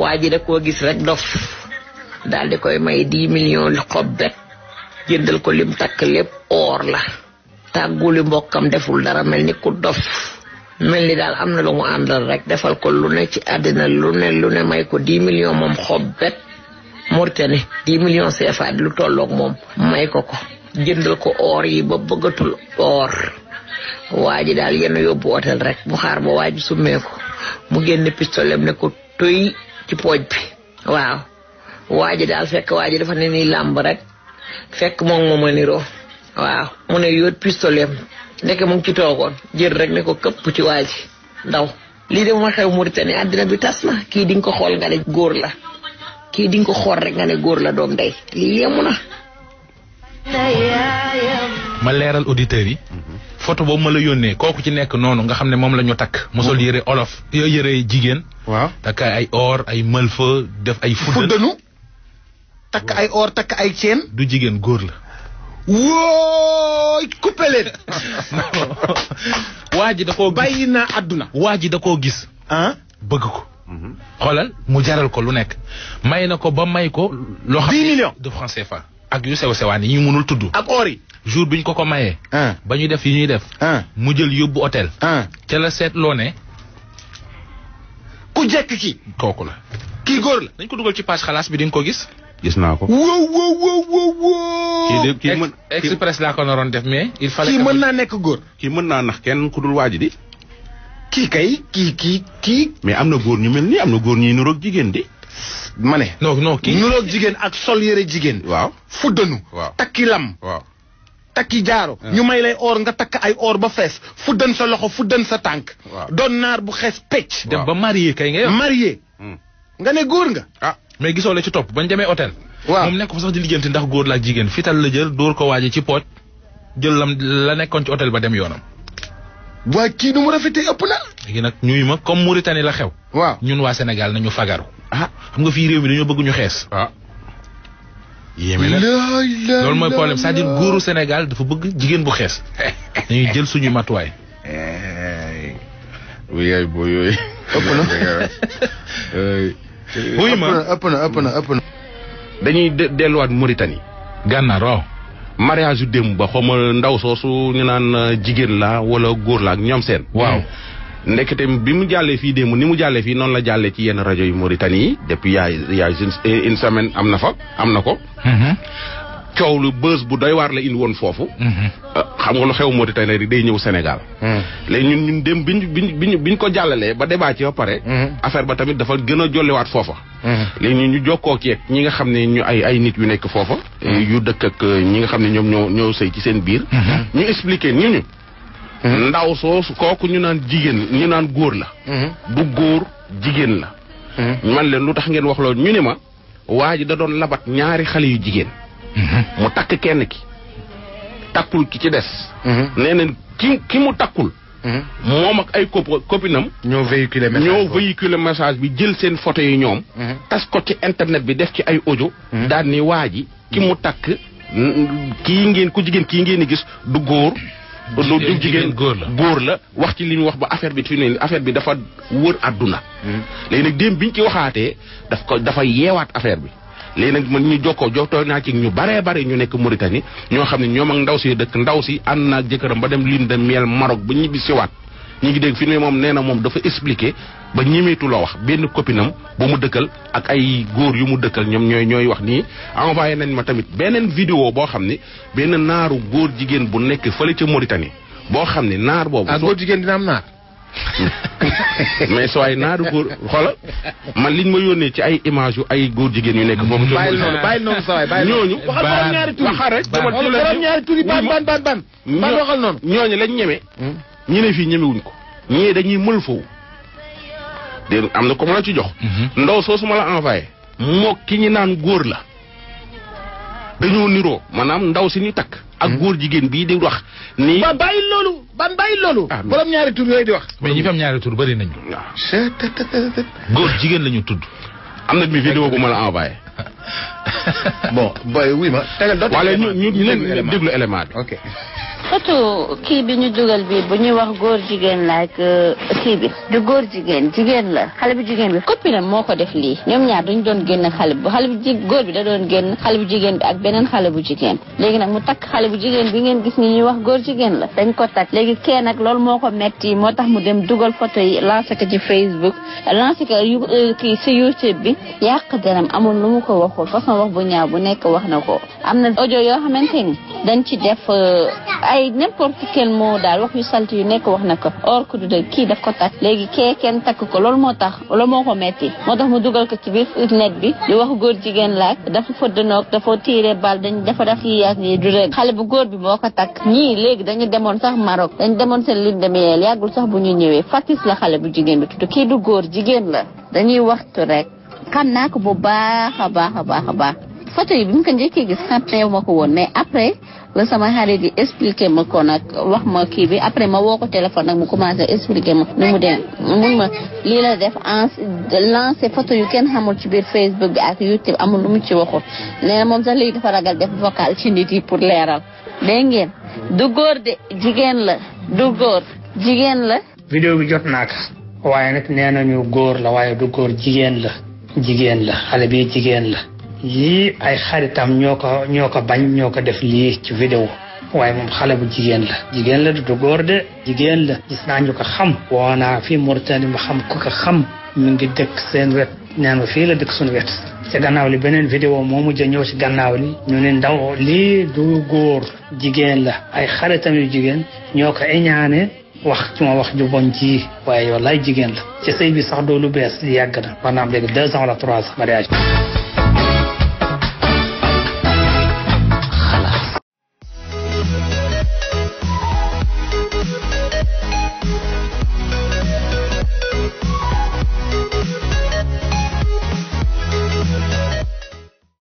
waa ji da koo gis rek dof daal koy may dix millions xobbet jëndal ko lim takk lépp or la tàgguli mbokkam deful dara mel ni ku dof mel ni daal am na lu mu àndal rek defal ko lu ne ci àddina lu ne lu ne may ko dix millions moom xobbet Mauritanie dix millions CFA lu tolloog moom may ko ko jëndal ko or yi ba bëggatul or waa ji daal yenn yóbbu hôtel rek mu xaar ba waa summeeku mu génn pistolet ne ko tuy ci pooj bi waaw waa ji daal fekk waa ji dafa ne ni làmb rek fekk moom moo ma niroo waaw mu ne yóot pistolet ndeke mu ci toogoon jël rek ne ko këpp ci waa ji ndaw lii de ma xew ni àddina bi tas na kii di ko xool nga ne góor la kii di ko xool rek nga ne góor la doom day lii yemu na ma leeral auditeurs yi mhm. photo boobu ma la yónnee kooku ci nekk noonu nga xam ne moom la ñu takk mosol yëre olof yëre jigéen waaw takk ay or ay mëlfa def ay. fuddanu takk ay or takk ay ceen. du jigéen góor la. wooy ji da koo bàyyi naa àdduna. waa ji da koo gis. Ah. bëgg ko. Mhm. xoolal mu jaral ko lu nekk. may na ko ba may ko. loo xam ne dix millions de francs CFA. ak yu sew sewaan yi ñu mënul tudd. ak or yi. jour bi ñu ko ko mayee. Ah. ba ñu def yi ñuy def. Ah. mu jël yóbbu hôtel. ca la seetloo ne. ku jekk ki kooku la kii góor la dañ ko dugal ci page xalaas bi di nga ko gis gis naa ko. wow wow wow wow. kii mën express laa ko naroon def mais. il fallait kii mën naa nekk góor. kii mën naa nax kenn ku dul waaj di. kii kay ki kii kii. mais am na góor ñu mel ni am na góor ñuy nuroog jigéen di. ma ne. non non kii nuroog jigéen ak sol yëre jigéen. waaw fuddanu. waaw takki lam. takki jaaro ah. ñu may lay or nga takk ay or ba fees fuddan sa loxo fuddan sa tànk doon naar bu xees pecc dem ba marié kay nga marié hmm. nga ne góor nga ah mais gisoo la ci topp bañ demee hôtel waaw moom nekk fa sax di lijjanti ndax góor la ak jigéen fital la jël dóor ko waaje ci pooj jël lam la nekkoon ci hôtel ba dem yoonam waa kii nu mu rafetee ëpp léegi nag ñuy ma comme Mauritanie la xew waaw ñun waa senegal Sénégal ñu fagaru ah xam nga fii réew mi dañoo bëgg ñu xees ah. yéeme la loolu mooy problème cest à góoru Sénégal dafa bëgg jigéen bu xees dañuy jël suñu matuwaay. Eh, oui yaay yooyu. ëpp na wuy ma ëpp na ëpp na ëpp na. dañuy delluwaat moritani gànnaar waaw. mariage yu démb ba xaw ma ndaw soosu ñu naan euh, jigéen la wala góor la ak ñoom seen. waaw. Hmm. ndekete bi mu jàllee fii démb ni mu jàllee fii noonu la jàllee ci yenn rajo yu Mauritanie yi depuis yaay yaay une semaine am na fa am na ko. Mhm. coow lu bës bu day waar la indi woon foofu. Mhm. Euh, xam nga lu xew Mauritanie rek day ñëw Sénégal. Mhm. léegi ñun ñun dem biñ biñ biñ ko jàllalee ba débat ci ba pare. affaire ba tamit dafa gën a jolliwaat foofa. léegi ñun ñu jokkoo ak ñi nga xam ne ñu ay ay nit yu nekk foofa. yu dëkk ñi nga xam ne ñoom ñoo ñoo sëy ci seen biir. ñu expliqué ñu ñu. Mhm. ndaw soosu kooku ñu naan jigéen ñu naan góor la. du mhm. góor jigéen la. Mhm. man leen lu tax ngeen wax loolu ñu ni ma waa ji da doon labat ñaari xale yu jigéen. mu takk kenn ki takkul ki ci des. nee na ki ki mu takkul. moom ak ay cop copinam. ñoo véhiculé message ñoo bi jël seen photo yi ñoom. tas ko ci internet bi def ci ay audio. daan ni waa ji ki mu takk kii ngeen ku jigéen kii ngeen di gis du góor. diw jigéen góor la wax ci li ñu wax ba affaire bi fi ne affaire bi dafa wër àdduna hmm. léegi nag démb bi ñu ci waxaatee daf ko dafa yeewaat affaire bi léegi nag man ñu jokkoo joktoo naa ci ñu baree bare ñu nekk Mauritanie ñoo xam ne ñoom ak ndaw si dëkk ndaw si ànd naa jëkkëram ba dem liin de miel Maroc ba ñibbi siwaat ñi ngi dégg fi ne moom nee na moom dafa expliquer ba ñemeetu la wax benn copinam bu mu dëkkal ak ay góor yu mu dëkkal ñoom ñooy ñooy wax nii envoyé nañ ma tamit beneen vidéo boo xam ni benn naaru góor jigéen bu nekk fële ca Mauritanie boo xam ni naar boobu. ah góor jigéen dina am naar. Hmm. mais so ay naaru góor xoolal man liñ ma yónnee ci ay image yu ay góor jigéen yu nekk foofu. bàyyil noonu bàyyil noonu sa waay bàyyil noonu ñooñu. waxal borom ñaari turi waxal rek. borom ñaari turi ban ban ban ban. ban waxal noonu ñooñu lañ ñeme. Hmm. ñu ne fii ñemewuñ ko ñii dañuy mël foofu dé am na ko mën a ci jox mhm. ndaw soosu su ma la envoyé moo ki ñi naan góor la dañoo niroo maanaam ndaw si ñu takk ak mhm. góor jigéen bii di wax nii ba bàyyi loolu ban bàyyi ah, ñaari tur yooyu di wax mais ñi fi am ñaari góor jigéen lañu ñu am na bi vidéo bu ma la envoyé bon boy wuy ma ñu ñu déglu photo kii bi ñu dugal bi bu ñuy wax góor jigéen la euh, kii bi du góor jigéen jigéen la xale bu jigéen bi copinam moo ko def lii ñoom ñaar duñ doon génn ak xale bu xale bu ji góor bi da génn xale bu jigéen bi ak beneen xale bu jigéen léegi nag mu takk xale bu jigéen bi ngeen gis ni ñuy wax góor jigéen la dañ ko takk léegi kee nag loolu moo ko metti moo tax mu dem dugal photo yi lancé ko ci Facebook lancé ko euh, kii si YouTube bi yàq deram amul lu mu ko waxul façon wax bu ñaaw bu nekk wax na ko am na audio yoo xamante ni dañ ci def euh, ay n'importe quel mot daal wax yu salti yu nekk wax na ko or ku du kii daf ko takk léegi kee kenn takk ko loolu moo tax loolu moo ko metti moo tax mu dugal ko ci biir net bi di wax góor jigéen laa dafa fëdd noog dafa tiire bal dañ dafa def yi yaas yi du rek xale bu góor bi moo ko takk ñii léegi dañu demoon sax Maroc dañ demoon seen lune de miel yàggul sax bu ñuy ñëwee Fatis la xale bu jigéen bi tudd kii du góor jigéen la dañuy waxtu rek xam naa ko bu baax a baax a baax a baax photo yi bu mu ko njëkkee gis fàtteew ma ko woon mais après la sama xarit yi expliqué ma ko nag wax ma kii bi après ma woo ko téléphone nag mu commencé expliqué ma nu mu demee mun ma lii la def en lancé photo yu kenn xamul ci biir Facebook bi ak YouTube amul lu mu ci waxul nee na moom sax léegi dafa ragal def vocal ci nit yi pour leeral dégg ngeen du góor de jigéen la du góor jigéen la vidéo bi jot naa ko waaye nag nee nañu góor la waaye du góor jigéen la jigéen la xale bi jigéen la yii ay xaritam ñoo ko ñoo ko bañ ñoo ko def lii ci vidéo waaye moom xale bu jigéen la jigéen la du góor de jigéen la gis naa ñu ko xam woonaa fii Mauritanie ma xam ku ko xam mu ngi dëkk seen wet nee ma fii la dëkk suñu wet ci gannaaw li beneen vidéo moo mujj ñëw ci gannaaw li ñu ne ndaw lii du góor jigéen la ay xaritam yu jigéen ñoo ko iñaane wax ci ma wax ju bon ji waaye yow laay jigéen la ci sëy bi sax doo lu bees li yàgg na maanaam léegi deux ans wala trois ans mariage